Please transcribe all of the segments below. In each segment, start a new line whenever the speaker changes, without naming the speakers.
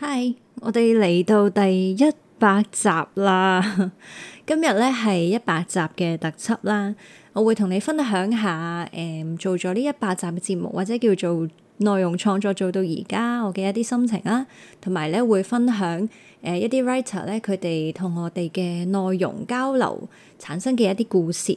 嗨，Hi, 我哋嚟到第一百集啦。 今日咧係一百集嘅特輯啦，我會同你分享下，誒、嗯，做咗呢一百集嘅節目或者叫做內容創作做到而家我嘅一啲心情啦，同埋咧會分享誒、呃、一啲 writer 咧佢哋同我哋嘅內容交流產生嘅一啲故事。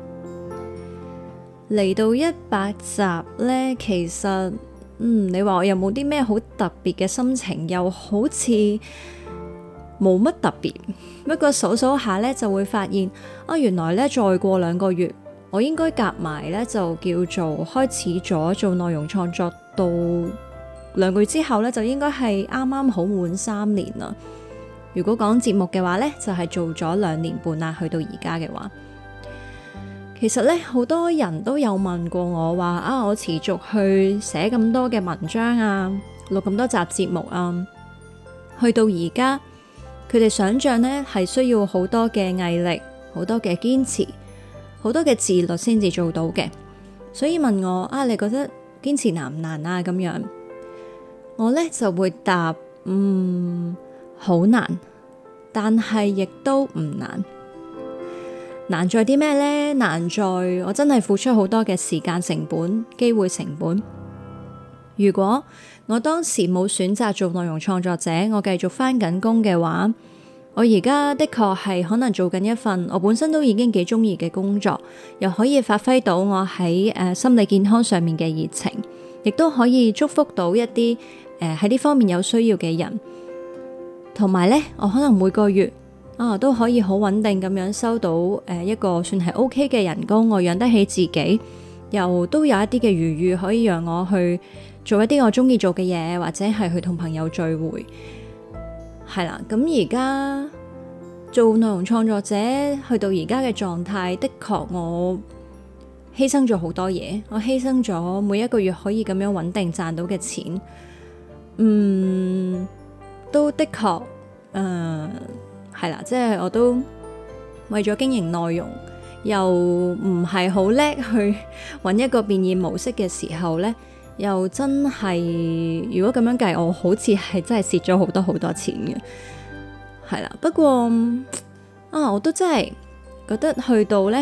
嚟到一百集呢，其實，嗯，你話我有冇啲咩好特別嘅心情？又好似冇乜特別。不過數數下呢，就會發現啊，原來呢，再過兩個月，我應該夾埋呢，就叫做開始咗做內容創作。到兩個月之後呢，就應該係啱啱好滿三年啦。如果講節目嘅話呢，就係做咗兩年半啦，去到而家嘅話。其實呢，好多人都有問過我話啊，我持續去寫咁多嘅文章啊，錄咁多集節目啊，去到而家，佢哋想象呢係需要好多嘅毅力，好多嘅堅持，好多嘅自律先至做到嘅，所以問我啊，你覺得堅持難唔難啊？咁樣，我呢就會答，嗯，好難，但係亦都唔難。難在啲咩呢？難在我真係付出好多嘅時間成本、機會成本。如果我當時冇選擇做內容創作者，我繼續返緊工嘅話，我而家的確係可能做緊一份我本身都已經幾鍾意嘅工作，又可以發揮到我喺誒心理健康上面嘅熱情，亦都可以祝福到一啲誒喺呢方面有需要嘅人。同埋呢，我可能每個月。啊，都可以好穩定咁樣收到誒、呃、一個算係 OK 嘅人工，我養得起自己，又都有一啲嘅餘裕，可以讓我去做一啲我中意做嘅嘢，或者係去同朋友聚會，係、嗯、啦。咁而家做內容創作者，去到而家嘅狀態，的確我犧牲咗好多嘢，我犧牲咗每一個月可以咁樣穩定賺到嘅錢，嗯，都的確誒。呃係啦，即係、就是、我都為咗經營內容，又唔係好叻去揾一個變現模式嘅時候呢，又真係如果咁樣計，我好似係真係蝕咗好多好多錢嘅。係啦，不過啊，我都真係覺得去到呢，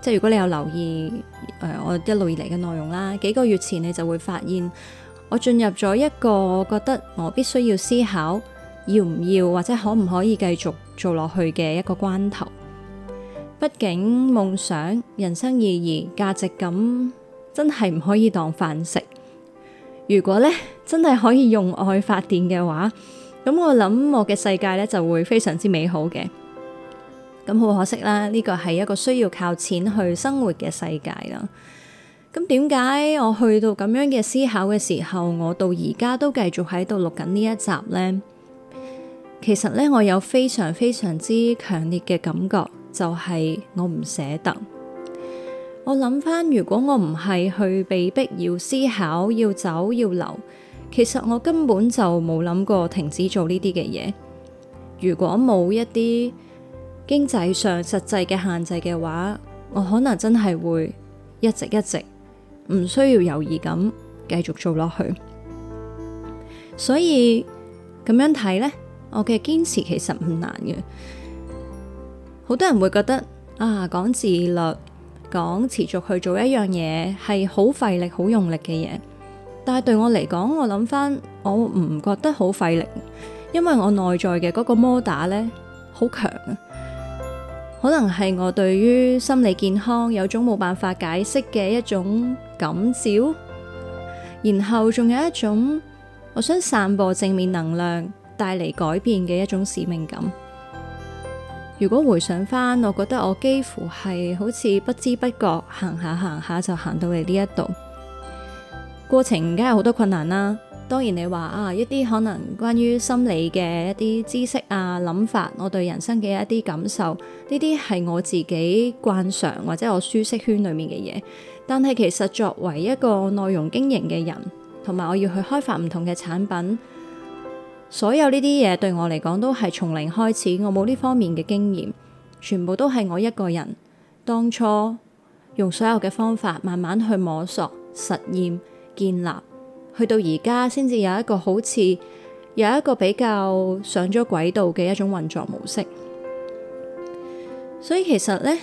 即、就、係、是、如果你有留意誒、呃，我一路以嚟嘅內容啦，幾個月前你就會發現我進入咗一個，我覺得我必須要思考要唔要或者可唔可以繼續。做落去嘅一個關頭，畢竟夢想、人生意義、價值感真係唔可以當飯食。如果呢真係可以用愛發電嘅話，咁我諗我嘅世界呢就會非常之美好嘅。咁好可惜啦，呢個係一個需要靠錢去生活嘅世界啦。咁點解我去到咁樣嘅思考嘅時候，我到而家都繼續喺度錄緊呢一集呢？其實咧，我有非常非常之強烈嘅感覺，就係我唔捨得。我諗翻，如果我唔係去被逼要思考、要走、要留，其實我根本就冇諗過停止做呢啲嘅嘢。如果冇一啲經濟上實際嘅限制嘅話，我可能真係會一直一直唔需要猶豫咁繼續做落去。所以咁樣睇呢，我嘅堅持其實唔難嘅，好多人會覺得啊，講自律，講持續去做一樣嘢係好費力、好用力嘅嘢。但係對我嚟講，我諗翻，我唔覺得好費力，因為我內在嘅嗰個摩打咧好強啊。可能係我對於心理健康有種冇辦法解釋嘅一種感召。然後仲有一種我想散播正面能量，帶嚟改變嘅一種使命感。如果回想翻，我覺得我幾乎係好似不知不覺行下行下就行到嚟呢一度。過程梗係好多困難啦。當然你話啊，一啲可能關於心理嘅一啲知識啊、諗法，我對人生嘅一啲感受，呢啲係我自己慣常或者我舒適圈裏面嘅嘢。但係其實作為一個內容經營嘅人，同埋我要去開發唔同嘅產品。所有呢啲嘢對我嚟講都係從零開始，我冇呢方面嘅經驗，全部都係我一個人當初用所有嘅方法慢慢去摸索、實驗、建立，去到而家先至有一個好似有一個比較上咗軌道嘅一種運作模式。所以其實呢，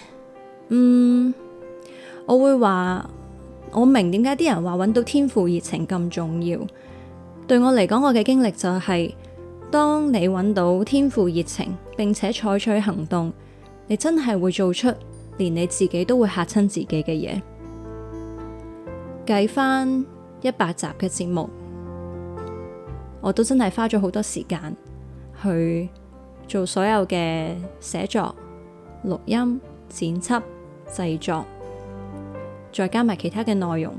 嗯，我會話我明點解啲人話揾到天賦、熱情咁重要。對我嚟講，我嘅經歷就係，當你揾到天賦、熱情，並且採取行動，你真係會做出連你自己都會嚇親自己嘅嘢。計返一百集嘅節目，我都真係花咗好多時間去做所有嘅寫作、錄音、剪輯、製作，再加埋其他嘅內容，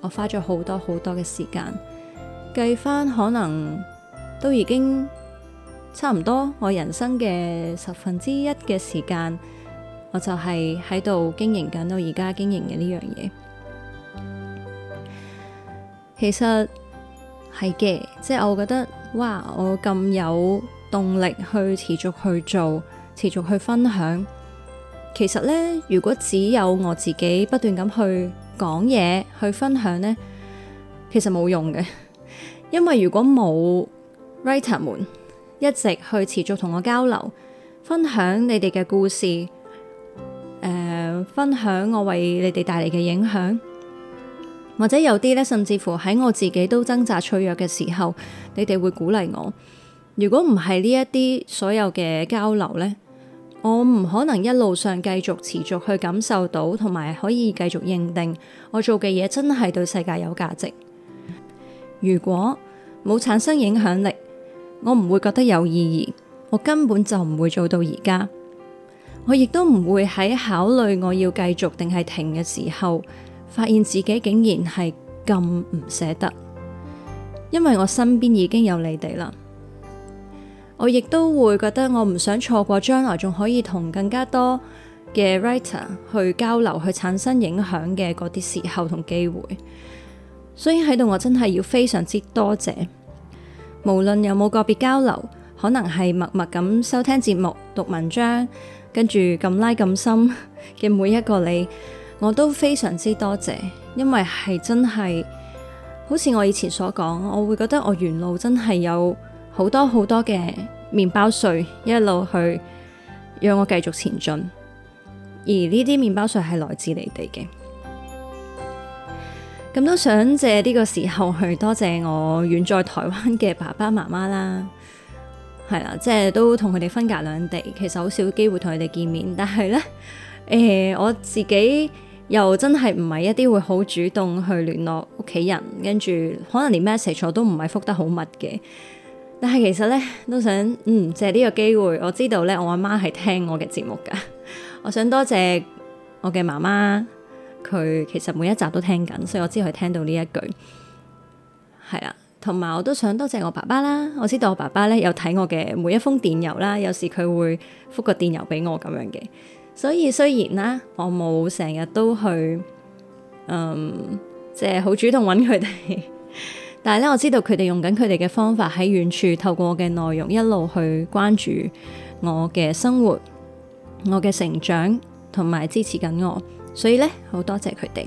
我花咗好多好多嘅時間。計翻可能都已經差唔多，我人生嘅十分之一嘅時間，我就係喺度經營緊到而家經營嘅呢樣嘢。其實係嘅，即係我覺得哇，我咁有動力去持續去做，持續去分享。其實呢，如果只有我自己不斷咁去講嘢去分享呢，其實冇用嘅。因為如果冇 writer 們一直去持續同我交流，分享你哋嘅故事，誒、呃，分享我為你哋帶嚟嘅影響，或者有啲咧，甚至乎喺我自己都掙扎脆弱嘅時候，你哋會鼓勵我。如果唔係呢一啲所有嘅交流咧，我唔可能一路上繼續持續去感受到，同埋可以繼續認定我做嘅嘢真係對世界有價值。如果冇產生影響力，我唔會覺得有意義，我根本就唔會做到而家。我亦都唔會喺考慮我要繼續定係停嘅時候，發現自己竟然係咁唔捨得，因為我身邊已經有你哋啦。我亦都會覺得我唔想錯過將來仲可以同更加多嘅 writer 去交流、去產生影響嘅嗰啲時候同機會。所以喺度，我真係要非常之多謝，無論有冇個別交流，可能係默默咁收聽節目、讀文章，跟住咁拉咁深嘅每一個你，我都非常之多謝，因為係真係，好似我以前所講，我會覺得我沿路真係有好多好多嘅麵包碎，一路去讓我繼續前進，而呢啲麵包碎係來自你哋嘅。咁都想借呢個時候去多謝我遠在台灣嘅爸爸媽媽啦，係啦，即係都同佢哋分隔兩地，其實好少機會同佢哋見面。但係咧，誒、欸，我自己又真係唔係一啲會好主動去聯絡屋企人，跟住可能連 message 我都唔係覆得好密嘅。但係其實咧，都想嗯借呢個機會，我知道咧我阿媽係聽我嘅節目㗎，我想多謝我嘅媽媽。佢其實每一集都聽緊，所以我知佢聽到呢一句，係啊，同埋我都想多謝我爸爸啦。我知道我爸爸咧有睇我嘅每一封電郵啦，有時佢會覆個電郵俾我咁樣嘅。所以雖然啦，我冇成日都去，嗯，即係好主動揾佢哋，但係咧我知道佢哋用緊佢哋嘅方法喺遠處透過我嘅內容一路去關注我嘅生活、我嘅成長同埋支持緊我。所以咧，好多謝佢哋。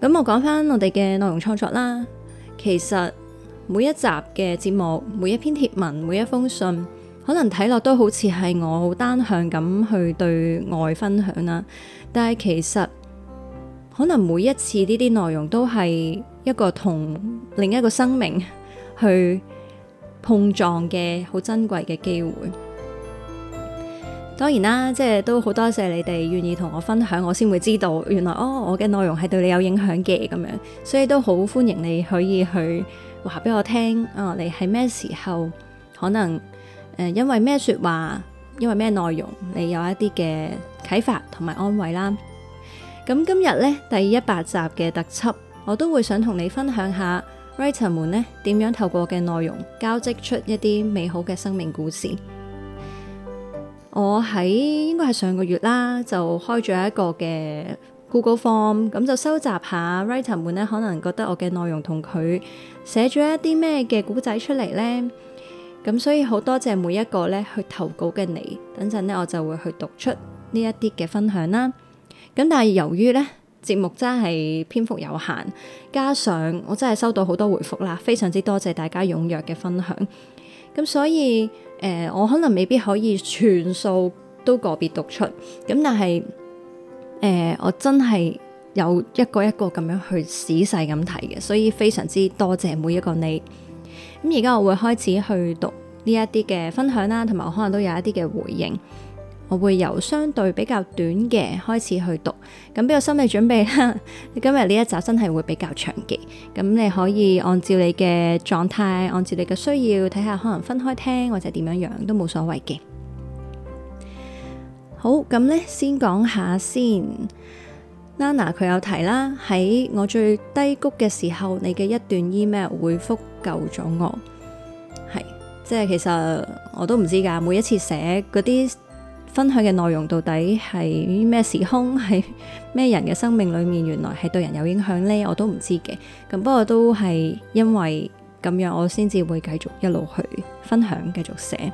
咁我講翻我哋嘅內容創作啦。其實每一集嘅節目、每一篇貼文、每一封信，可能睇落都好似係我好單向咁去對外分享啦。但係其實可能每一次呢啲內容都係一個同另一個生命去碰撞嘅好珍貴嘅機會。當然啦，即係都好多謝你哋願意同我分享，我先會知道原來哦，我嘅內容係對你有影響嘅。咁樣，所以都好歡迎你可以去話俾我聽，哦，你係咩時候可能、呃、因為咩説話，因為咩內容，你有一啲嘅啟發同埋安慰啦。咁今日呢，第一百集嘅特輯，我都會想同你分享下 writer 們呢，點樣透過我嘅內容交織出一啲美好嘅生命故事。我喺應該係上個月啦，就開咗一個嘅 Google Form，咁就收集下 writer 們呢，可能覺得我嘅內容同佢寫咗一啲咩嘅古仔出嚟呢。咁所以好多謝每一個呢去投稿嘅你，等陣呢，我就會去讀出呢一啲嘅分享啦。咁但係由於呢節目真係篇幅有限，加上我真係收到好多回覆啦，非常之多謝大家踴躍嘅分享。咁所以。誒、呃，我可能未必可以全數都個別讀出，咁但係誒、呃，我真係有一個一個咁樣去仔細咁睇嘅，所以非常之多謝每一個你。咁而家我會開始去讀呢一啲嘅分享啦，同埋我可能都有一啲嘅回應。我會由相對比較短嘅開始去讀，咁俾個心理準備啦。今日呢一集真係會比較長嘅，咁你可以按照你嘅狀態，按照你嘅需要睇下，看看可能分開聽或者點樣樣都冇所謂嘅。好，咁呢，先講下先。Nana 佢有提啦，喺我最低谷嘅時候，你嘅一段 email 回覆救咗我。係，即係其實我都唔知㗎，每一次寫嗰啲。分享嘅內容到底係咩時空，係咩人嘅生命裏面，原來係對人有影響呢？我都唔知嘅。咁不過都係因為咁樣，我先至會繼續一路去分享，繼續寫。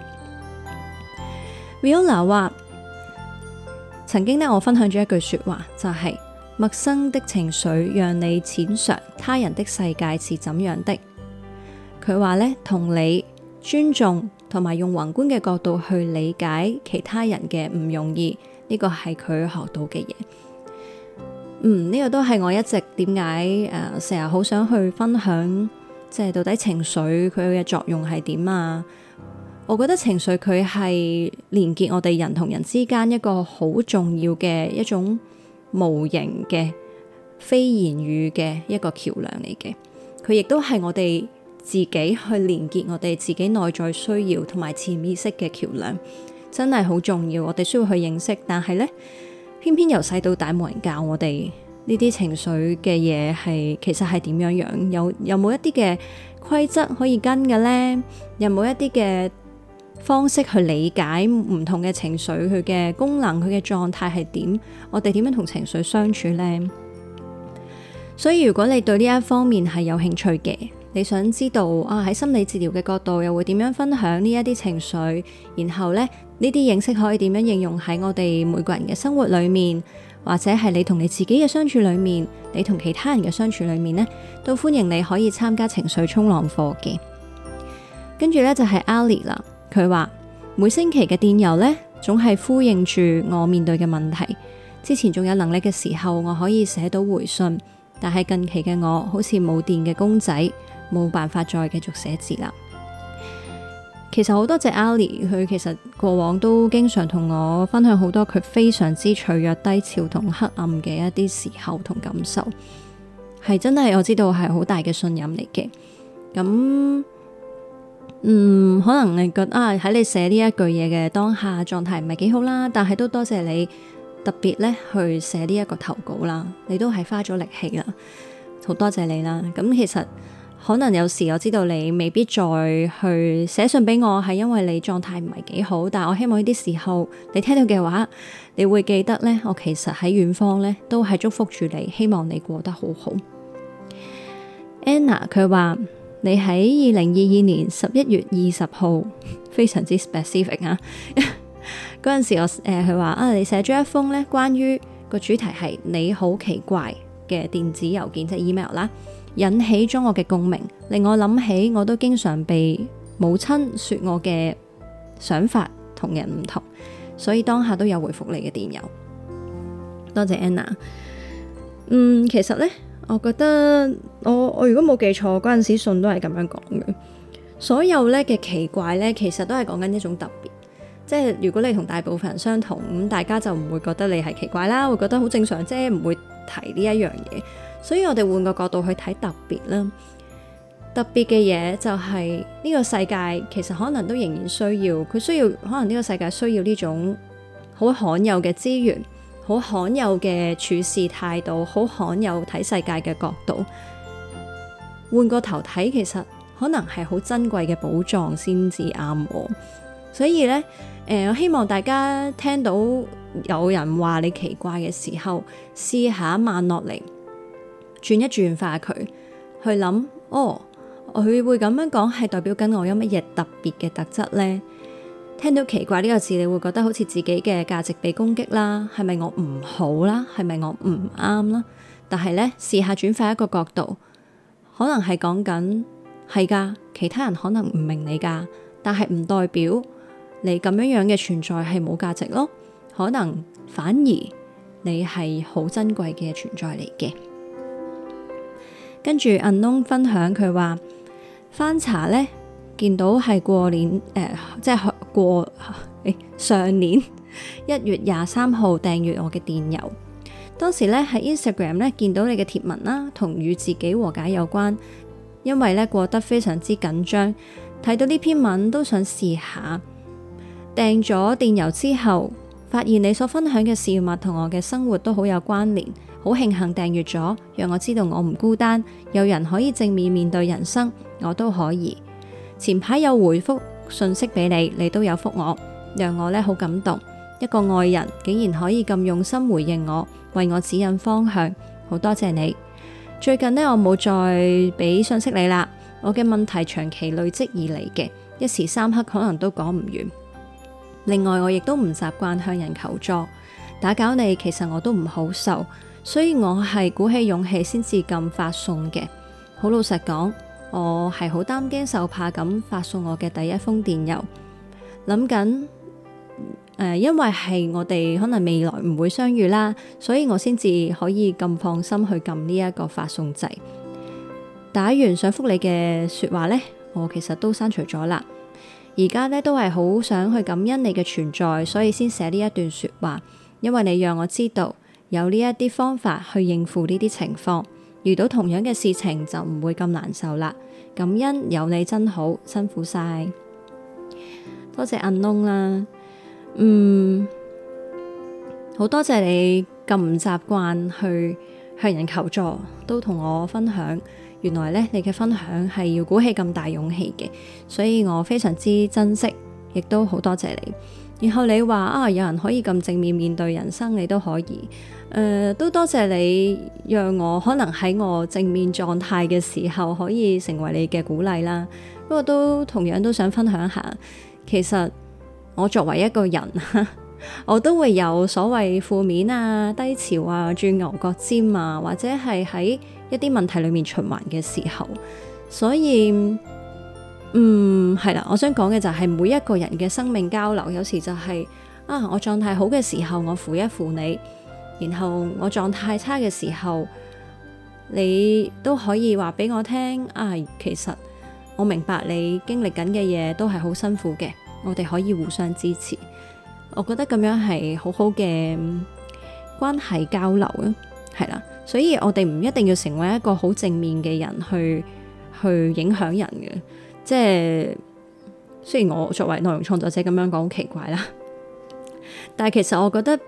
Viola 話：曾經呢，我分享咗一句說話，就係、是、陌生的情緒讓你淺嘗他人的世界是怎樣的。佢話呢，同你尊重。同埋用宏觀嘅角度去理解其他人嘅唔容易，呢、這個係佢學到嘅嘢。嗯，呢、這個都係我一直點解誒，成日好想去分享，即、就、係、是、到底情緒佢嘅作用係點啊？我覺得情緒佢係連結我哋人同人之間一個好重要嘅一種無形嘅非言語嘅一個橋樑嚟嘅，佢亦都係我哋。自己去連結我哋自己內在需要，同埋潛意識嘅橋樑，真係好重要。我哋需要去認識，但係呢，偏偏由細到大冇人教我哋呢啲情緒嘅嘢係其實係點樣樣？有有冇一啲嘅規則可以跟嘅呢？有冇一啲嘅方式去理解唔同嘅情緒佢嘅功能，佢嘅狀態係點？我哋點樣同情緒相處呢？所以如果你對呢一方面係有興趣嘅，你想知道啊？喺心理治療嘅角度，又會點樣分享呢一啲情緒？然後呢，呢啲認識可以點樣應用喺我哋每個人嘅生活裏面，或者係你同你自己嘅相處裏面，你同其他人嘅相處裏面呢，都歡迎你可以參加情緒衝浪課嘅。跟住呢就係 Ali 啦，佢話每星期嘅電郵呢，總係呼應住我面對嘅問題。之前仲有能力嘅時候，我可以寫到回信，但係近期嘅我好似冇電嘅公仔。冇辦法再繼續寫字啦。其實好多謝 Ali，佢其實過往都經常同我分享好多佢非常之脆弱、低潮同黑暗嘅一啲時候同感受，係真係我知道係好大嘅信任嚟嘅。咁，嗯，可能你覺得啊，喺你寫呢一句嘢嘅當下狀態唔係幾好啦，但係都多謝你特別呢去寫呢一個投稿啦，你都係花咗力氣啦，好多謝你啦。咁其實。可能有時我知道你未必再去寫信俾我，係因為你狀態唔係幾好，但我希望呢啲時候你聽到嘅話，你會記得呢。我其實喺遠方呢都係祝福住你，希望你過得好好。Anna 佢話你喺二零二二年十一月二十號，非常之 specific 啊！嗰 陣時我誒佢話啊，你寫咗一封呢關於個主題係你好奇怪嘅電子郵件即 email 啦。就是 em ail, 引起咗我嘅共鳴，令我諗起我都經常被母親說我嘅想法同人唔同，所以當下都有回覆你嘅電郵。多謝 Anna。嗯，其實呢，我覺得我我如果冇記錯，嗰陣時信都係咁樣講嘅。所有咧嘅奇怪咧，其實都係講緊一種特別。即係如果你同大部分人相同，咁大家就唔會覺得你係奇怪啦，會覺得好正常啫，唔會提呢一樣嘢。所以我哋換個角度去睇特別啦，特別嘅嘢就係呢個世界其實可能都仍然需要佢需要，可能呢個世界需要呢種好罕有嘅資源，好罕有嘅處事態度，好罕有睇世界嘅角度。換個頭睇，其實可能係好珍貴嘅寶藏先至啱喎。所以呢。誒、嗯，我希望大家聽到有人話你奇怪嘅時候，試下慢落嚟，轉一轉化佢，去諗哦，佢會咁樣講係代表緊我有乜嘢特別嘅特質呢？聽到奇怪呢個字，你會覺得好似自己嘅價值被攻擊啦，係咪我唔好啦，係咪我唔啱啦？但係呢，試下轉化一個角度，可能係講緊係噶，其他人可能唔明你噶，但係唔代表你咁樣樣嘅存在係冇價值咯，可能反而你係好珍貴嘅存在嚟嘅。跟住 Anong 分享，佢話翻查呢，見到係過年誒、呃，即係過、哎、上年一月廿三號訂閲我嘅電郵。當時呢喺 Instagram 呢見到你嘅貼文啦，同與自己和解有關，因為呢過得非常之緊張，睇到呢篇文都想試下。訂咗電郵之後，發現你所分享嘅事物同我嘅生活都好有關聯，好慶幸訂閲咗，讓我知道我唔孤單，有人可以正面面對人生，我都可以。前排有回覆信息俾你，你都有覆我，讓我呢好感動。一個愛人竟然可以咁用心回應我，為我指引方向，好多謝你。最近呢，我冇再俾信息你啦。我嘅問題長期累積而嚟嘅，一時三刻可能都講唔完。另外，我亦都唔習慣向人求助，打攪你，其實我都唔好受，所以我係鼓起勇氣先至撳發送嘅。好老實講，我係好擔驚受怕咁發送我嘅第一封電郵，諗緊、呃、因為係我哋可能未來唔會相遇啦，所以我先至可以咁放心去撳呢一個發送掣。打完想復你嘅說話呢，我其實都刪除咗啦。而家咧都係好想去感恩你嘅存在，所以先寫呢一段說話。因為你讓我知道有呢一啲方法去應付呢啲情況，遇到同樣嘅事情就唔會咁難受啦。感恩有你真好，辛苦晒，多謝阿 n k n 啦。嗯，好多謝你咁唔習慣去向人求助，都同我分享。原來咧，你嘅分享係要鼓起咁大勇氣嘅，所以我非常之珍惜，亦都好多謝你。然後你話啊，有人可以咁正面面對人生，你都可以，誒、呃，都多謝你，讓我可能喺我正面狀態嘅時候，可以成為你嘅鼓勵啦。不過都同樣都想分享下，其實我作為一個人， 我都會有所謂負面啊、低潮啊、轉牛角尖啊，或者係喺，一啲問題裏面循環嘅時候，所以，嗯，係啦，我想講嘅就係每一個人嘅生命交流，有時就係、是、啊，我狀態好嘅時候，我扶一扶你，然後我狀態差嘅時候，你都可以話俾我聽啊。其實我明白你經歷緊嘅嘢都係好辛苦嘅，我哋可以互相支持。我覺得咁樣係好好嘅關係交流啊，係啦。所以我哋唔一定要成為一個好正面嘅人去去影響人嘅，即係雖然我作為內容創作者咁樣講好奇怪啦，但係其實我覺得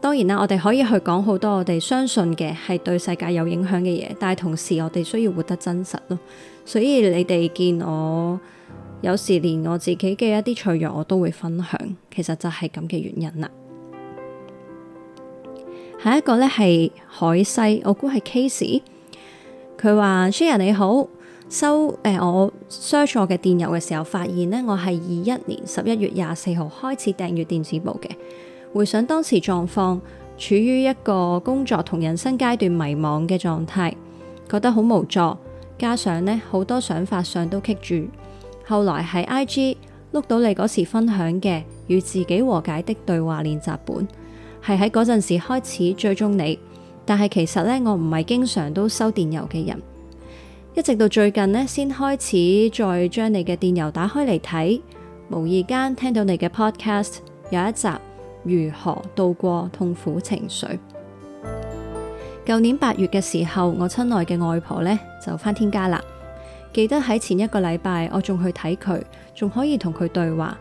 當然啦，我哋可以去講好多我哋相信嘅係對世界有影響嘅嘢，但係同時我哋需要活得真實咯。所以你哋見我有時連我自己嘅一啲脆弱我都會分享，其實就係咁嘅原因啦。下一個咧係海西，我估係 Case 佢話 Shaya 你好，收誒、呃、我 search 我嘅電郵嘅時候，發現呢，我係二一年十一月廿四號開始訂閱電子報嘅。回想當時狀況，處於一個工作同人生階段迷茫嘅狀態，覺得好無助，加上呢好多想法上都棘住。後來喺 IG 碌到你嗰時分享嘅與自己和解的對話練習本。係喺嗰陣時開始追蹤你，但係其實咧，我唔係經常都收電郵嘅人，一直到最近呢，先開始再將你嘅電郵打開嚟睇，無意間聽到你嘅 podcast 有一集如何度過痛苦情緒。舊年八月嘅時候，我親愛嘅外婆呢就返天家啦。記得喺前一個禮拜，我仲去睇佢，仲可以同佢對話，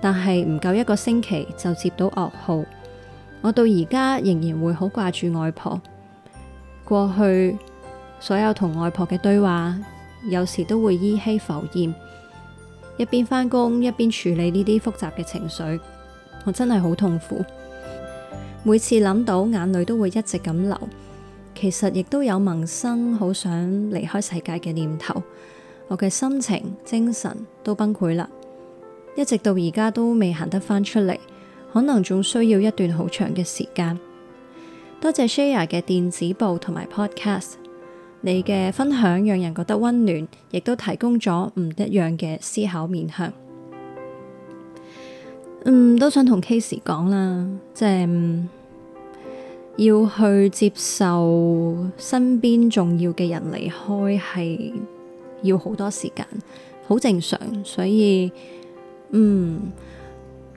但係唔夠一個星期就接到噩耗。我到而家仍然會好掛住外婆，過去所有同外婆嘅對話，有時都會依稀浮現，一邊返工一邊處理呢啲複雜嘅情緒，我真係好痛苦。每次諗到，眼淚都會一直咁流。其實亦都有萌生好想離開世界嘅念頭，我嘅心情、精神都崩潰啦，一直到而家都未行得翻出嚟。可能仲需要一段好長嘅時間。多謝 Shaya 嘅電子報同埋 Podcast，你嘅分享讓人覺得溫暖，亦都提供咗唔一樣嘅思考面向。嗯，都想同 Case 講啦，即係，嗯，要去接受身邊重要嘅人離開係要好多時間，好正常，所以嗯。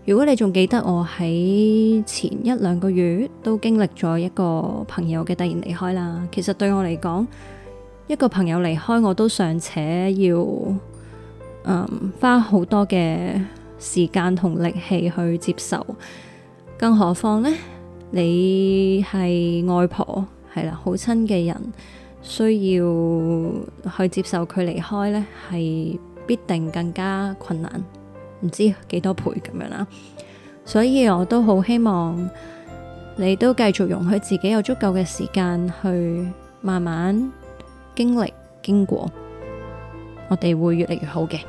如果你仲記得我喺前一兩個月都經歷咗一個朋友嘅突然離開啦，其實對我嚟講，一個朋友離開我都尚且要、嗯、花好多嘅時間同力氣去接受，更何況呢？你係外婆，係啦，好親嘅人，需要去接受佢離開呢，係必定更加困難。唔知幾多倍咁樣啦，所以我都好希望你都繼續容許自己有足夠嘅時間去慢慢經歷、經過，我哋會越嚟越好嘅。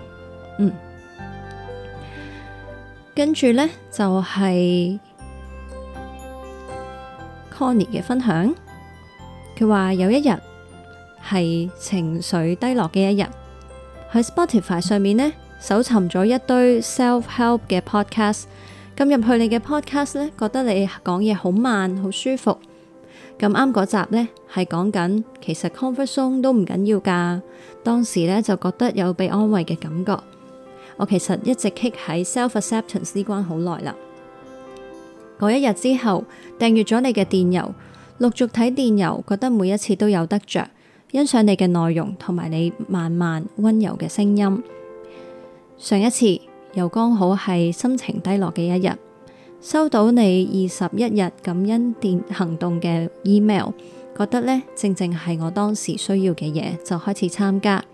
嗯，跟住呢就係 Connie 嘅分享，佢話有一日係情緒低落嘅一日，喺 Spotify 上面呢。搜尋咗一堆 self help 嘅 podcast，咁入去你嘅 podcast 呢，覺得你講嘢好慢，好舒服。咁啱嗰集呢，係講緊，其實 comfort zone 都唔緊要㗎。當時呢，就覺得有被安慰嘅感覺。我其實一直喺 self acceptance 呢關好耐啦。嗰一日之後訂閲咗你嘅電郵，陸續睇電郵，覺得每一次都有得着，欣賞你嘅內容同埋你慢慢温柔嘅聲音。上一次又剛好係心情低落嘅一日，收到你二十一日感恩電行動嘅 email，覺得呢正正係我當時需要嘅嘢，就開始參加。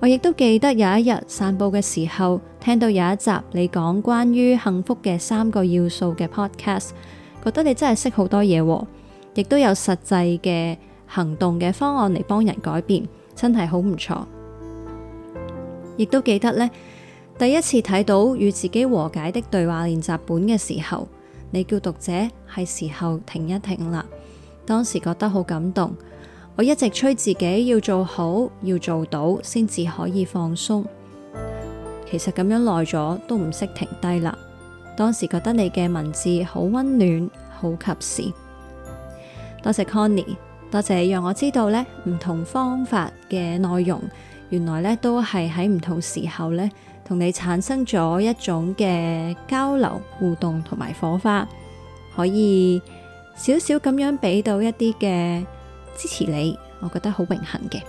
我亦都記得有一日散步嘅時候，聽到有一集你講關於幸福嘅三個要素嘅 podcast，覺得你真係識好多嘢，亦都有實際嘅行動嘅方案嚟幫人改變，真係好唔錯。亦都記得呢。第一次睇到與自己和解的對話練習本嘅時候，你叫讀者係時候停一停啦。當時覺得好感動，我一直催自己要做好，要做到先至可以放鬆。其實咁樣耐咗都唔識停低啦。當時覺得你嘅文字好溫暖，好及時。多謝 Connie，多謝你讓我知道呢唔同方法嘅內容，原來呢都係喺唔同時候呢。同你產生咗一種嘅交流互動同埋火花，可以少少咁樣俾到一啲嘅支持你，我覺得好榮幸嘅。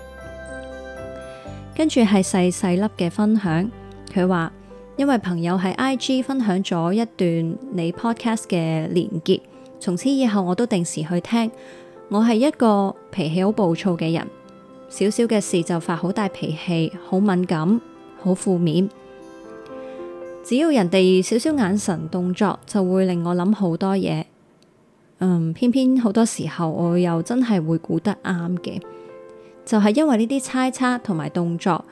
跟住係細細粒嘅分享，佢話因為朋友喺 IG 分享咗一段你 Podcast 嘅連結，從此以後我都定時去聽。我係一個脾氣好暴躁嘅人，少少嘅事就發好大脾氣，好敏感，好負面。只要人哋少少眼神動作，就會令我諗好多嘢。嗯，偏偏好多時候我又真係會估得啱嘅，就係因為呢啲猜測同埋動作，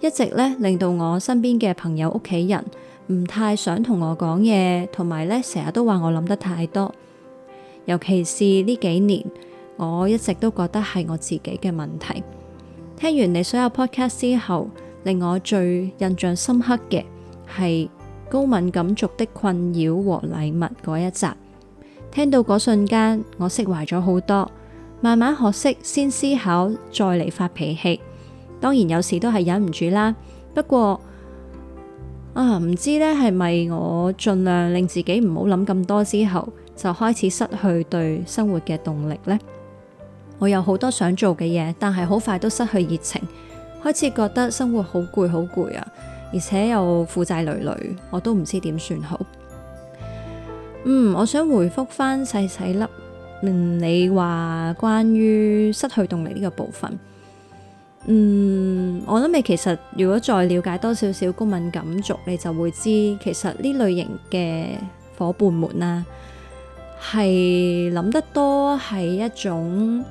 一直呢令到我身邊嘅朋友屋企人唔太想同我講嘢，同埋呢成日都話我諗得太多。尤其是呢幾年，我一直都覺得係我自己嘅問題。聽完你所有 podcast 之後，令我最印象深刻嘅係。高敏感族的困擾和禮物嗰一集，聽到嗰瞬間，我釋懷咗好多，慢慢學識先思考，再嚟發脾氣。當然有時都係忍唔住啦。不過啊，唔知呢係咪我盡量令自己唔好諗咁多之後，就開始失去對生活嘅動力呢？我有好多想做嘅嘢，但係好快都失去熱情，開始覺得生活好攰好攰啊。而且又負債累累，我都唔知點算好。嗯，我想回覆翻細細粒，嗯，你話關於失去動力呢個部分，嗯，我諗你其實如果再了解多少少高敏感族，你就會知其實呢類型嘅伙伴們啦、啊，係諗得多係一種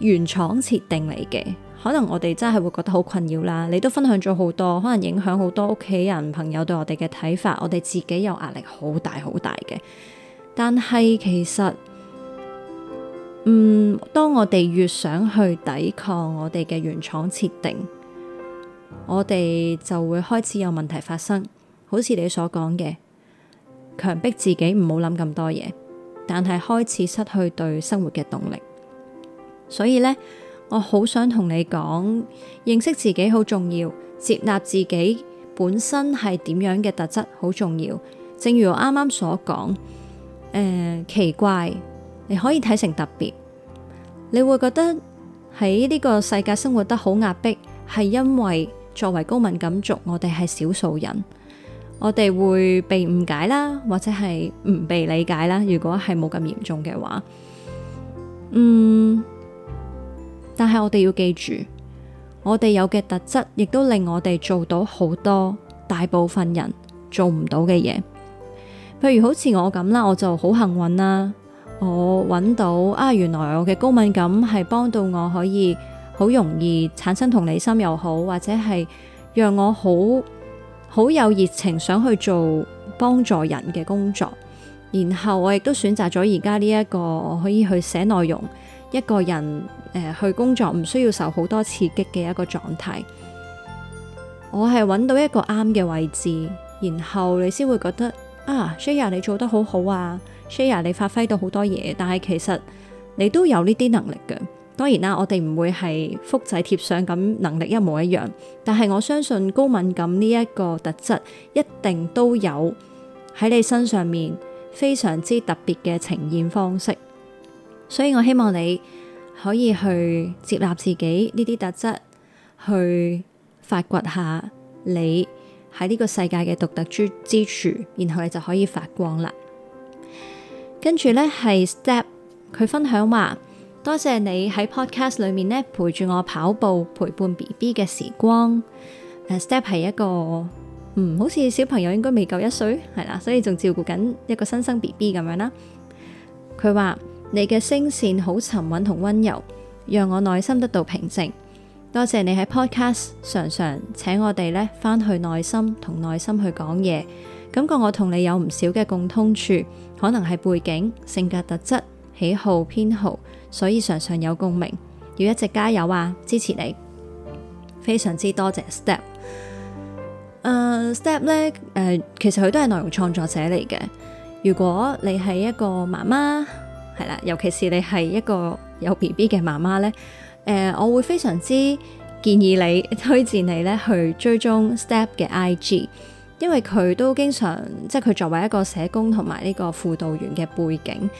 原廠設定嚟嘅。可能我哋真係會覺得好困擾啦，你都分享咗好多，可能影響好多屋企人、朋友對我哋嘅睇法，我哋自己有壓力好大好大嘅。但係其實，嗯，當我哋越想去抵抗我哋嘅原廠設定，我哋就會開始有問題發生，好似你所講嘅，強迫自己唔好諗咁多嘢，但係開始失去對生活嘅動力，所以呢。我好想同你講，認識自己好重要，接納自己本身係點樣嘅特質好重要。正如我啱啱所講，呃，奇怪，你可以睇成特別。你會覺得喺呢個世界生活得好壓迫，係因為作為高敏感族，我哋係少數人，我哋會被誤解啦，或者係唔被理解啦。如果係冇咁嚴重嘅話，嗯。但係我哋要記住，我哋有嘅特質亦都令我哋做到好多大部分人做唔到嘅嘢。譬如好似我咁啦，我就好幸運啦，我揾到啊，原來我嘅高敏感係幫到我可以好容易產生同理心又好，或者係讓我好好有熱情想去做幫助人嘅工作。然後我亦都選擇咗而家呢一個可以去寫內容。一個人誒、呃、去工作唔需要受好多刺激嘅一個狀態，我係揾到一個啱嘅位置，然後你先會覺得啊 Shaya 你做得好好啊 Shaya 你發揮到好多嘢，但係其實你都有呢啲能力嘅。當然啦，我哋唔會係複製貼上咁能力一模一樣，但係我相信高敏感呢一個特質一定都有喺你身上面非常之特別嘅呈現方式。所以我希望你可以去接納自己呢啲特質，去發掘下你喺呢個世界嘅獨特之處，然後你就可以發光啦。跟住呢係 Step 佢分享話，多謝你喺 Podcast 裏面呢陪住我跑步，陪伴 BB 嘅時光。Step 係一個嗯、呃，好似小朋友應該未夠一歲係啦，所以仲照顧緊一個新生 BB 咁樣啦。佢話。你嘅聲線好沉穩同温柔，讓我內心得到平靜。多謝你喺 Podcast 常常請我哋咧返去內心同內心去講嘢，感覺我同你有唔少嘅共通處，可能係背景、性格特質、喜好偏好，所以常常有共鳴。要一直加油啊！支持你，非常之多謝 Step。Uh, Step 呢，uh, 其實佢都係內容創作者嚟嘅。如果你係一個媽媽。係啦，尤其是你係一個有 B B 嘅媽媽咧，誒、呃，我會非常之建議你推薦你咧去追蹤小步嘅 I G，因為佢都經常即係佢作為一個社工同埋呢個輔導員嘅背景，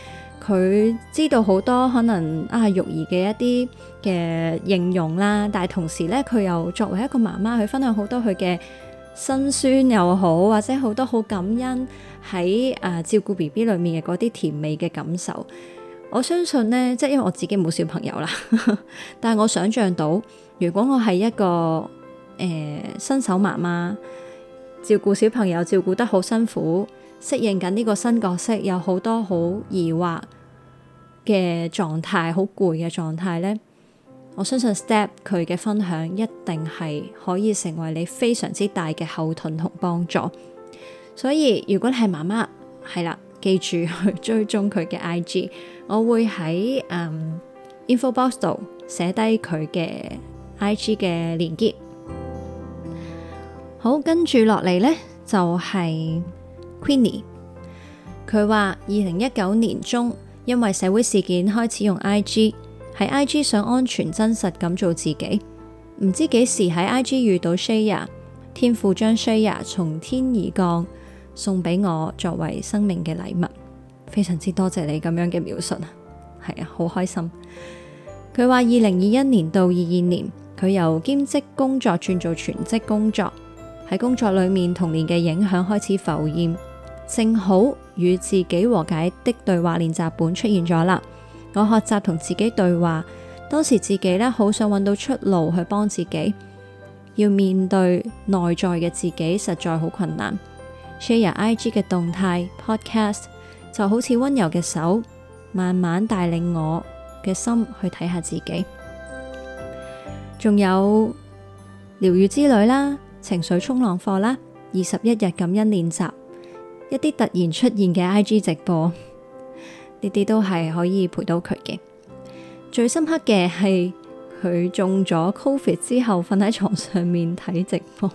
佢知道好多可能啊育兒嘅一啲嘅應用啦，但係同時咧佢又作為一個媽媽去分享好多佢嘅。辛酸又好，或者好多好感恩喺啊、呃、照顧 B B 裏面嘅嗰啲甜美嘅感受，我相信呢，即係因為我自己冇小朋友啦， 但係我想象到，如果我係一個誒、呃、新手媽媽，照顧小朋友，照顧得好辛苦，適應緊呢個新角色，有好多好疑惑嘅狀態，好攰嘅狀態呢。我相信 Step 佢嘅分享一定係可以成為你非常之大嘅後盾同幫助，所以如果你係媽媽，係啦，記住去追蹤佢嘅 IG，我會喺、嗯、info box 度寫低佢嘅 IG 嘅連結。好，跟住落嚟呢就係、是、Queenie，佢話二零一九年中因為社會事件開始用 IG。喺 IG 想安全真實咁做自己，唔知幾時喺 IG 遇到 Shaya，天父將 Shaya 從天而降，送俾我作為生命嘅禮物，非常之多謝你咁樣嘅描述啊，係啊，好開心。佢話二零二一年到二二年，佢由兼職工作轉做全職工作，喺工作裏面童年嘅影響開始浮現，正好與自己和解的對話練習本出現咗啦。我學習同自己對話，當時自己咧好想揾到出路去幫自己，要面對內在嘅自己實在好困難。Share IG 嘅動態、podcast 就好似温柔嘅手，慢慢帶領我嘅心去睇下自己。仲有療愈之旅啦、情緒衝浪課啦、二十一日感恩練習，一啲突然出現嘅 IG 直播。呢啲都係可以陪到佢嘅。最深刻嘅係佢中咗 Covid 之後瞓喺床上面睇直播，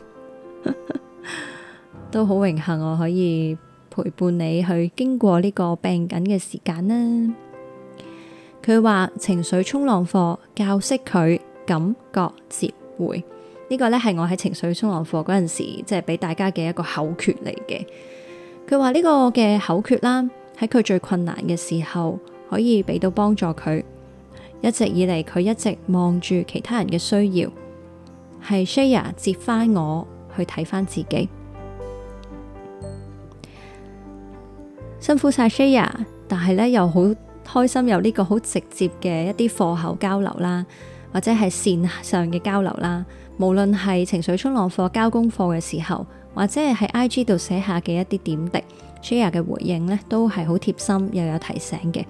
都好榮幸我可以陪伴你去經過呢個病緊嘅時間啦。佢話情緒衝浪課教識佢感覺接回，這個、呢個咧係我喺情緒衝浪課嗰陣時即係俾大家嘅一個口訣嚟嘅。佢話呢個嘅口訣啦。喺佢最困難嘅時候，可以俾到幫助佢。一直以嚟，佢一直望住其他人嘅需要，係 Shaya 接翻我去睇翻自己，辛苦晒 Shaya，但係呢，又好開心有呢個好直接嘅一啲課後交流啦，或者係線上嘅交流啦。無論係情緒衝浪課交功課嘅時候，或者係 IG 度寫下嘅一啲點滴。Shaya 嘅回應咧，都係好貼心，又有提醒嘅，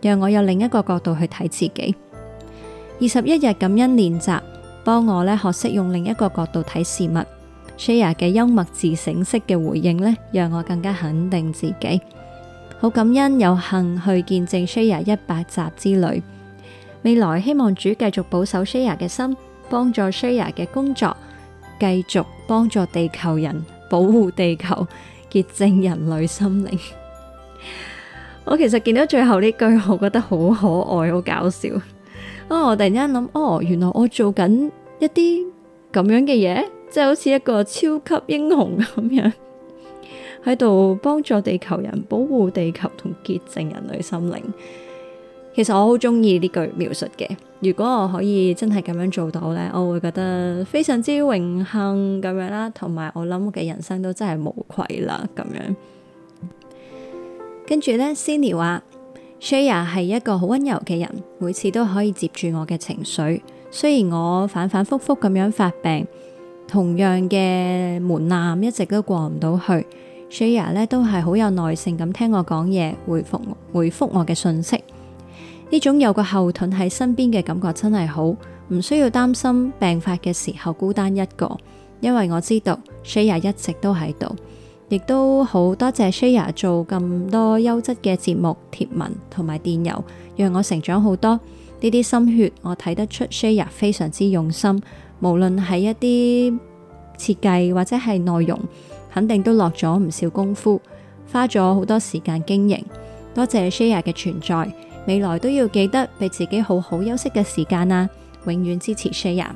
讓我有另一個角度去睇自己。二十一日感恩練習，幫我咧學識用另一個角度睇事物。Shaya 嘅幽默自省式嘅回應呢，讓我更加肯定自己。好感恩，有幸去見證 Shaya 一百集之旅。未來希望主繼續保守 Shaya 嘅心，幫助 Shaya 嘅工作，繼續幫助地球人，保護地球。潔淨人類心靈， 我其實見到最後呢句，我覺得好可愛，好搞笑。啊， 我突然間諗，哦，原來我做緊一啲咁樣嘅嘢，即係好似一個超級英雄咁樣，喺度幫助地球人，保護地球同潔淨人類心靈。其實我好中意呢句描述嘅。如果我可以真係咁樣做到咧，我會覺得非常之榮幸咁樣啦。同埋我諗我嘅人生都真係無愧啦。咁樣跟住咧，Cindy 話 Shaya 係一個好溫柔嘅人，每次都可以接住我嘅情緒。雖然我反反覆覆咁樣發病，同樣嘅門檻一直都過唔到去。 Shaya 咧都係好有耐性咁聽我講嘢，回覆回覆我嘅信息。呢種有個後盾喺身邊嘅感覺真係好，唔需要擔心病發嘅時候孤單一個。因為我知道 Shaya 一直都喺度，亦都好多謝 Shaya 做咁多優質嘅節目、貼文同埋電郵，讓我成長好多。呢啲心血我睇得出 Shaya 非常之用心，無論係一啲設計或者係內容，肯定都落咗唔少功夫，花咗好多時間經營。多謝 Shaya 嘅存在。未來都要記得俾自己好好休息嘅時間啦！永遠支持 Share，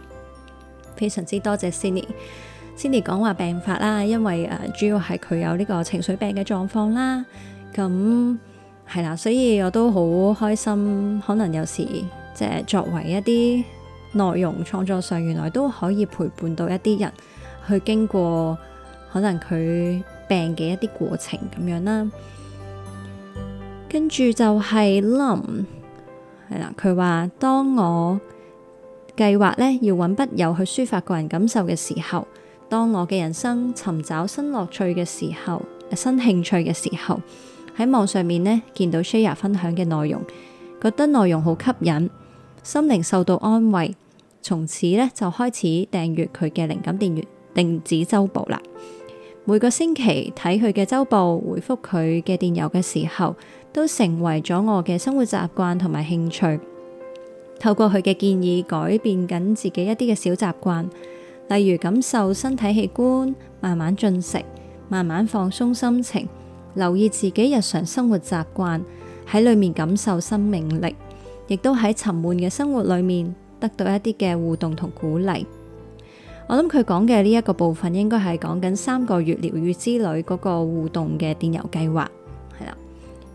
非常之多謝 Cindy，Cindy 講話病發啦，因為誒主要係佢有呢個情緒病嘅狀況啦。咁係啦，所以我都好開心，可能有時即係、就是、作為一啲內容創作上，原來都可以陪伴到一啲人去經過可能佢病嘅一啲過程咁樣啦。跟住就係林係啦，佢話當我計劃咧要揾筆友去抒發個人感受嘅時候，當我嘅人生尋找新樂趣嘅時候、新興趣嘅時候，喺網上面咧見到 Shaya 分享嘅內容，覺得內容好吸引，心靈受到安慰，從此呢，就開始訂閱佢嘅靈感電子，定止周報啦。每個星期睇佢嘅週報，回覆佢嘅電郵嘅時候，都成為咗我嘅生活習慣同埋興趣。透過佢嘅建議，改變緊自己一啲嘅小習慣，例如感受身體器官，慢慢進食，慢慢放鬆心情，留意自己日常生活習慣喺裏面感受生命力，亦都喺沉悶嘅生活裏面得到一啲嘅互動同鼓勵。我諗佢講嘅呢一個部分，應該係講緊三個月療癒之旅嗰個互動嘅電郵計劃，係啦。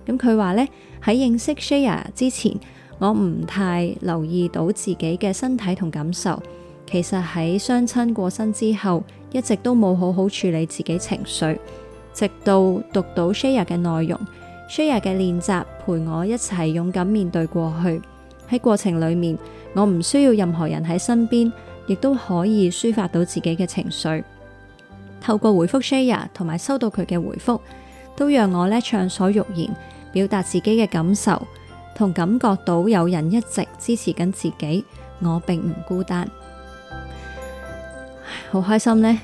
咁佢話呢，喺認識 Shaya 之前，我唔太留意到自己嘅身體同感受。其實喺相親過身之後，一直都冇好好處理自己情緒。直到讀到 Shaya 嘅內容，Shaya 嘅練習陪我一齊勇敢面對過去。喺過程裏面，我唔需要任何人喺身邊。亦都可以抒發到自己嘅情緒，透過回覆 share 同埋收到佢嘅回覆，都讓我咧暢所欲言，表達自己嘅感受，同感覺到有人一直支持緊自己，我並唔孤單，好開心呢。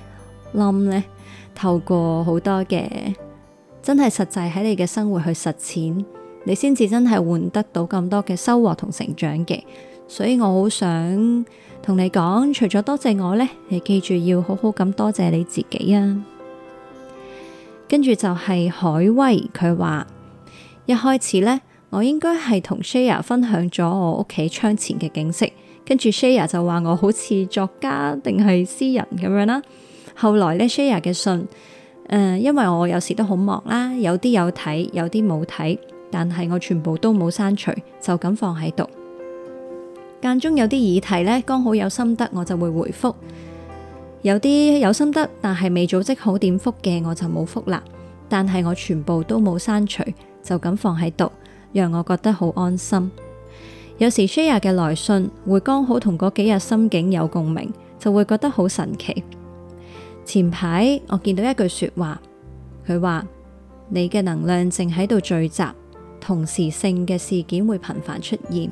冧呢，透過好多嘅，真係實際喺你嘅生活去實踐，你先至真係換得到咁多嘅收穫同成長嘅。所以我好想同你講，除咗多謝,謝我呢，你記住要好好咁多謝你自己啊。跟住就係海威佢話一開始呢，我應該係同 Shaya 分享咗我屋企窗前嘅景色，跟住 Shaya 就話我好似作家定係詩人咁樣啦。後來呢 Shaya 嘅信，誒、呃，因為我有時都好忙啦，有啲有睇，有啲冇睇，但係我全部都冇刪除，就咁放喺度。間中有啲議題呢，剛好有心得，我就會回覆；有啲有心得但係未組織好點覆嘅，覆我就冇覆啦。但係我全部都冇刪除，就咁放喺度，讓我覺得好安心。有時 share 嘅來信會剛好同嗰幾日心境有共鳴，就會覺得好神奇。前排我見到一句說話，佢話：你嘅能量正喺度聚集，同時性嘅事件會頻繁出現。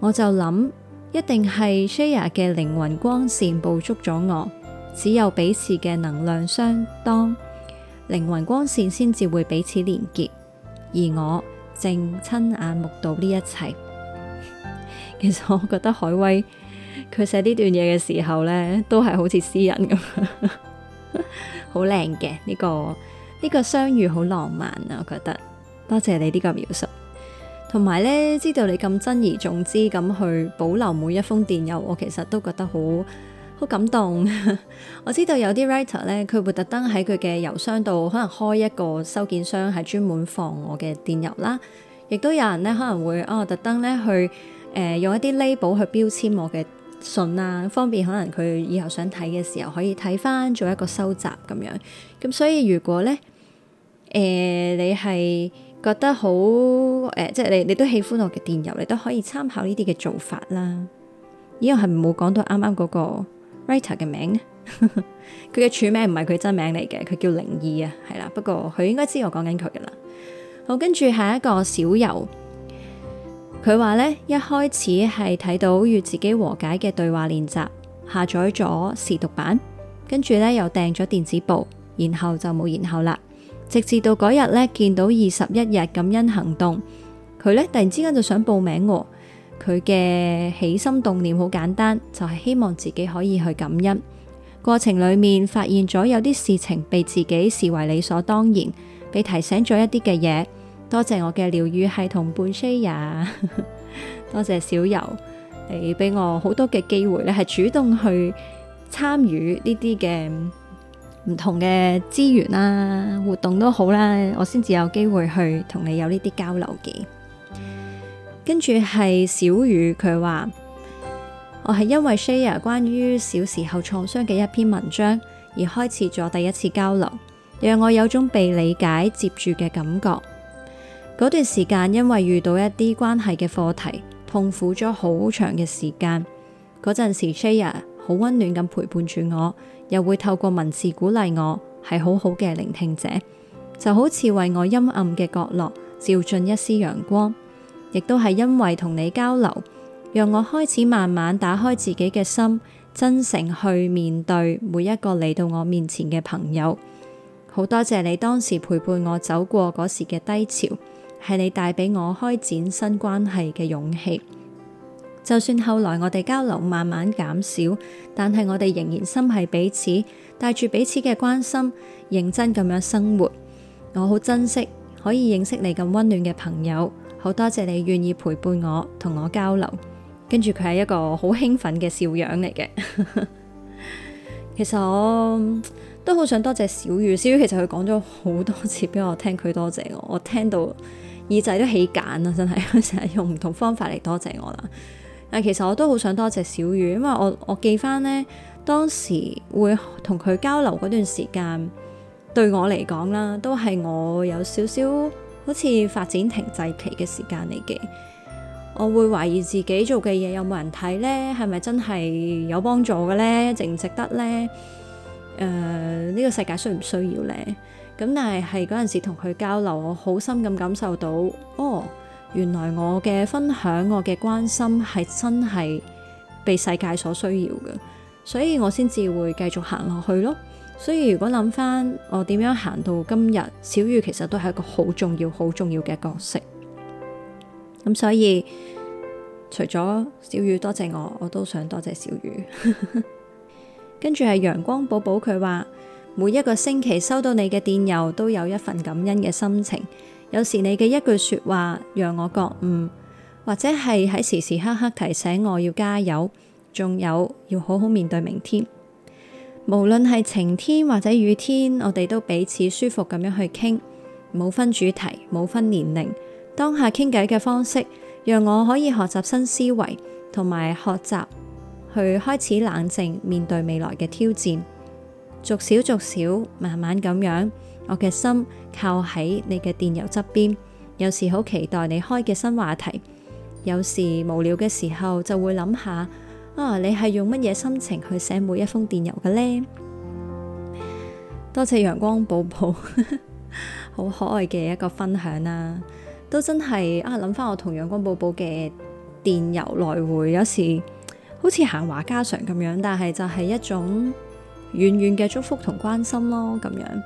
我就諗，一定係 Shaya 嘅靈魂光綫捕捉咗我，只有彼此嘅能量相當，靈魂光綫先至會彼此連結，而我正親眼目睹呢一切。 其實我覺得海威佢寫呢段嘢嘅時候咧，都係好似詩人咁， 好靚嘅呢個呢、這個相遇好浪漫啊！我覺得多謝你呢個描述。同埋咧，知道你咁珍而重之咁去保留每一封電郵，我其實都覺得好好感動。 我知道有啲 writer 咧，佢會特登喺佢嘅郵箱度可能開一個收件箱，係專門放我嘅電郵啦。亦都有人咧可能會哦，特登咧去誒、呃、用一啲 label 去標籤我嘅信啊，方便可能佢以後想睇嘅時候可以睇翻，做一個收集咁樣。咁所以如果咧誒、呃、你係。覺得好誒、呃，即係你，你都喜歡我嘅電郵，你都可以參考呢啲嘅做法啦。呢個係冇講到啱啱嗰個 writer 嘅名，佢嘅署名唔係佢真名嚟嘅，佢叫靈意啊，係啦。不過佢應該知我講緊佢噶啦。好，跟住下一個小步，佢話呢，一開始係睇到與自己和解嘅對話練習，下載咗試讀版，跟住呢又訂咗電子報，然後就冇然後啦。直至到嗰日咧，見到二十一日感恩行動，佢咧突然之間就想報名喎。佢嘅起心動念好簡單，就係希望自己可以去感恩過程裡面，發現咗有啲事情被自己視為理所當然，被提醒咗一啲嘅嘢。多謝我嘅療癒系同伴 share，多謝小游，你俾我好多嘅機會咧，係主動去參與呢啲嘅。唔同嘅資源啦、啊，活動都好啦、啊，我先至有機會去同你有呢啲交流嘅。跟住係小雨，佢話我係因為 Shaya 關於小時候創傷嘅一篇文章而開始咗第一次交流，讓我有種被理解接住嘅感覺。嗰段時間因為遇到一啲關係嘅課題，痛苦咗好長嘅時間。嗰陣時 Shaya 好溫暖咁陪伴住我。又會透過文字鼓勵我，係好好嘅聆聽者，就好似為我陰暗嘅角落照進一絲陽光。亦都係因為同你交流，讓我開始慢慢打開自己嘅心，真誠去面對每一個嚟到我面前嘅朋友。好多謝你當時陪伴我走過嗰時嘅低潮，係你帶俾我開展新關係嘅勇氣。就算後來我哋交流慢慢減少，但係我哋仍然心繫彼此，帶住彼此嘅關心，認真咁樣生活。我好珍惜可以認識你咁溫暖嘅朋友，好多謝你願意陪伴我，同我交流。跟住佢係一個好興奮嘅笑樣嚟嘅。 其實我都好想多謝小雨，小雨其實佢講咗好多次俾我聽，佢多謝我，我聽到耳仔都起繭啦，真係佢成日用唔同方法嚟多謝我啦。但其實我都好想多謝小雨，因為我我記翻呢當時會同佢交流嗰段時間，對我嚟講啦，都係我有少少好似發展停滯期嘅時間嚟嘅。我會懷疑自己做嘅嘢有冇人睇呢？係咪真係有幫助嘅呢？值唔值得呢？誒、呃、呢、呢個世界需唔需要呢？咁但係係嗰陣時同佢交流，我好深咁感受到，哦。原來我嘅分享，我嘅關心係真係被世界所需要嘅，所以我先至會繼續行落去咯。所以如果諗翻我點樣行到今日，小雨其實都係一個好重要、好重要嘅角色。咁所以，除咗小雨多謝我，我都想多謝小雨。跟住係陽光寶寶，佢話「每一個星期收到你嘅電郵，都有一份感恩嘅心情。」有時你嘅一句說話讓我覺悟，或者係喺時時刻刻提醒我要加油，仲有要好好面對明天。無論係晴天或者雨天，我哋都彼此舒服咁樣去傾，冇分主題，冇分年齡。當下傾偈嘅方式，讓我可以學習新思維，同埋學習去開始冷靜面對未來嘅挑戰。逐少逐少，慢慢咁樣。我嘅心靠喺你嘅電郵側邊，有時好期待你開嘅新話題；有時無聊嘅時候就會諗下啊，你係用乜嘢心情去寫每一封電郵嘅呢？」多謝陽光寶寶，好 可愛嘅一個分享啦、啊，都真係啊諗翻我同陽光寶寶嘅電郵來回，有時好似閒話家常咁樣，但係就係一種遠遠嘅祝福同關心咯，咁樣。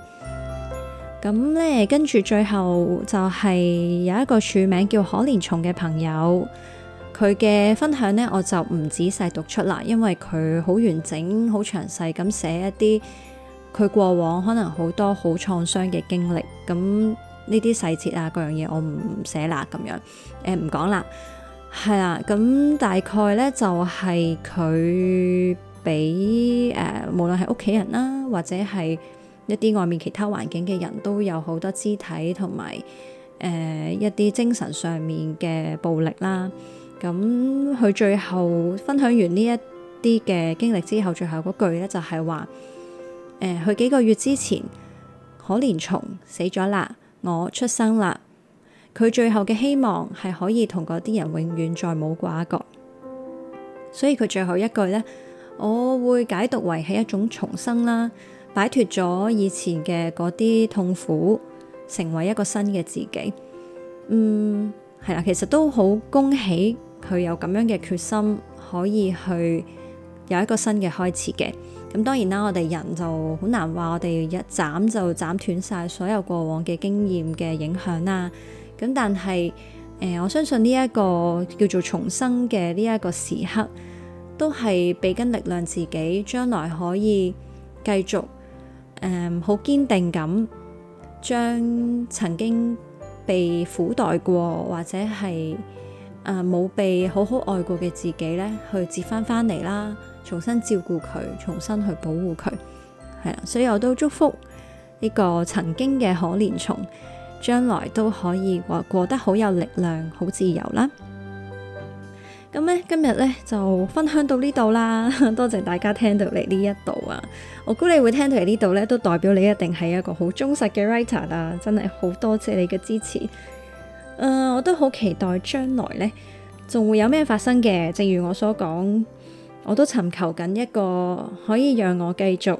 咁咧，跟住最後就係有一個署名叫可憐蟲嘅朋友，佢嘅分享呢，我就唔仔細讀出啦，因為佢好完整、好詳細咁寫一啲佢過往可能好多好創傷嘅經歷，咁呢啲細節啊，各樣嘢我唔寫啦，咁樣誒唔講啦，係、呃、啦，咁大概呢，就係佢俾誒，無論係屋企人啦，或者係，一啲外面其他環境嘅人都有好多肢體同埋誒，一啲精神上面嘅暴力啦。咁、嗯、佢最後分享完呢一啲嘅經歷之後，最後嗰句咧就係話：誒、呃，佢幾個月之前可憐蟲死咗啦，我出生啦。佢最後嘅希望係可以同嗰啲人永遠再冇瓜葛，所以佢最後一句咧，我會解讀為係一種重生啦。擺脫咗以前嘅嗰啲痛苦，成為一個新嘅自己。嗯，係啦，其實都好恭喜佢有咁樣嘅決心，可以去有一個新嘅開始嘅。咁當然啦，我哋人就好難話，我哋一斬就斬斷晒所有過往嘅經驗嘅影響啦。咁但係，誒、呃，我相信呢、這、一個叫做重生嘅呢一個時刻，都係俾緊力量自己，將來可以繼續。誒，好堅、um, 定咁將曾經被苦待過或者係誒冇被好好愛過嘅自己咧，去接翻翻嚟啦，重新照顧佢，重新去保護佢，係啦。所以我都祝福呢個曾經嘅可憐蟲，將來都可以或過，過得好有力量、好自由啦。咁咧，今日咧就分享到呢度啦，多謝大家聽到嚟呢一度啊！我估你會聽到嚟呢度咧，都代表你一定係一個好忠實嘅 writer 啊！真係好多謝你嘅支持，誒、呃，我都好期待將來咧，仲會有咩發生嘅。正如我所講，我都尋求緊一個可以讓我繼續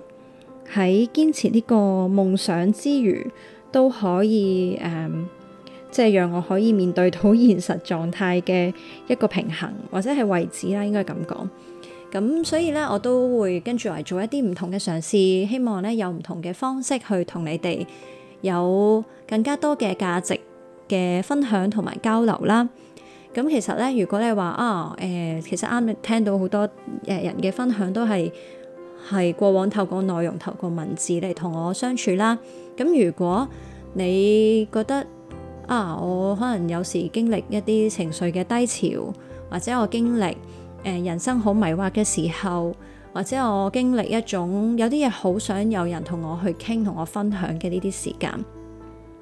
喺堅持呢個夢想之餘，都可以誒。嗯即係讓我可以面對到現實狀態嘅一個平衡，或者係位置啦，應該咁講。咁所以咧，我都會跟住嚟做一啲唔同嘅嘗試，希望咧有唔同嘅方式去同你哋有更加多嘅價值嘅分享同埋交流啦。咁其實咧，如果你話啊，誒，其實啱聽到好多誒人嘅分享都係係過往透過內容、透過文字嚟同我相處啦。咁如果你覺得，啊！我可能有時經歷一啲情緒嘅低潮，或者我經歷誒人生好迷惑嘅時候，或者我經歷一種有啲嘢好想有人同我去傾、同我分享嘅呢啲時間，而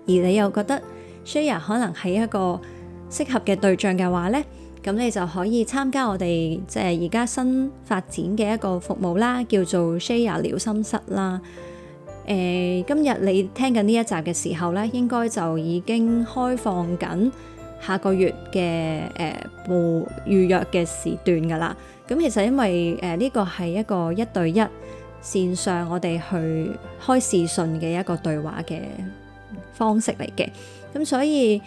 你又覺得 Shaya 可能係一個適合嘅對象嘅話呢，咁你就可以參加我哋即係而家新發展嘅一個服務啦，叫做 Shaya 療心室啦。誒、嗯，今日你聽緊呢一集嘅時候咧，應該就已經開放緊下個月嘅誒預預約嘅時段㗎喇。咁、嗯、其實因為誒呢個係一個一對一線上，我哋去開視訊嘅一個對話嘅方式嚟嘅，咁、嗯、所以誒、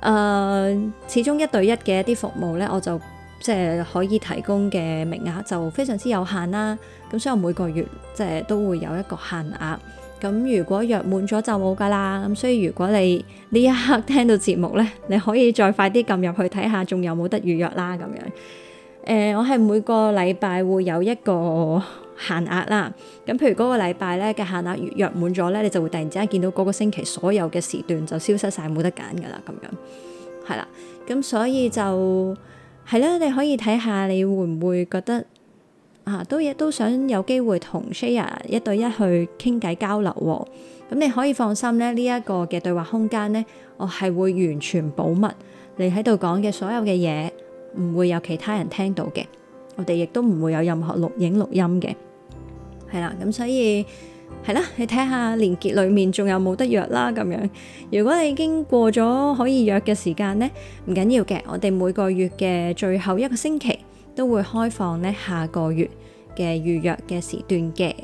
呃，始終一對一嘅一啲服務咧，我就。即係可以提供嘅名額就非常之有限啦，咁所以我每個月即係都會有一個限額。咁如果約滿咗就冇㗎啦，咁所以如果你呢一刻聽到節目咧，你可以再快啲撳入去睇下，仲有冇得預約啦咁樣。誒、呃，我係每個禮拜會有一個限額啦。咁譬如嗰個禮拜咧嘅限額預約滿咗咧，你就會突然之間見到嗰個星期所有嘅時段就消失晒，冇得揀㗎啦咁樣。係啦，咁所以就。係啦，你可以睇下，你會唔會覺得啊，都亦都想有機會同 Shaya 一對一去傾偈交流喎？哦。咁你可以放心咧，呢、這、一個嘅對話空間咧，我係會完全保密，你喺度講嘅所有嘅嘢唔會有其他人聽到嘅，我哋亦都唔會有任何錄影錄音嘅，係啦，咁所以。係啦，你睇下連結裏面仲有冇得約啦咁樣。如果你已經過咗可以約嘅時間呢，唔緊要嘅。我哋每個月嘅最後一個星期都會開放呢下個月嘅預約嘅時段嘅。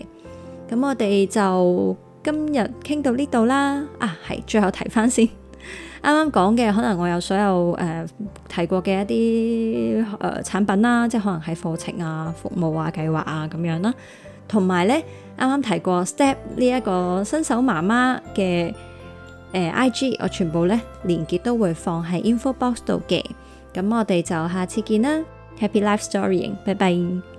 咁我哋就今日傾到呢度啦。啊，係，最後提返先。啱啱講嘅可能我有所有誒、呃、提過嘅一啲誒、呃、產品啦，即係可能係課程啊、服務啊、計劃啊咁樣啦。同埋咧，啱啱提過 Step 呢一個新手媽媽嘅誒、呃、IG，我全部咧連結都會放喺 info box 度嘅。咁我哋就下次見啦，Happy Life Storying，拜拜。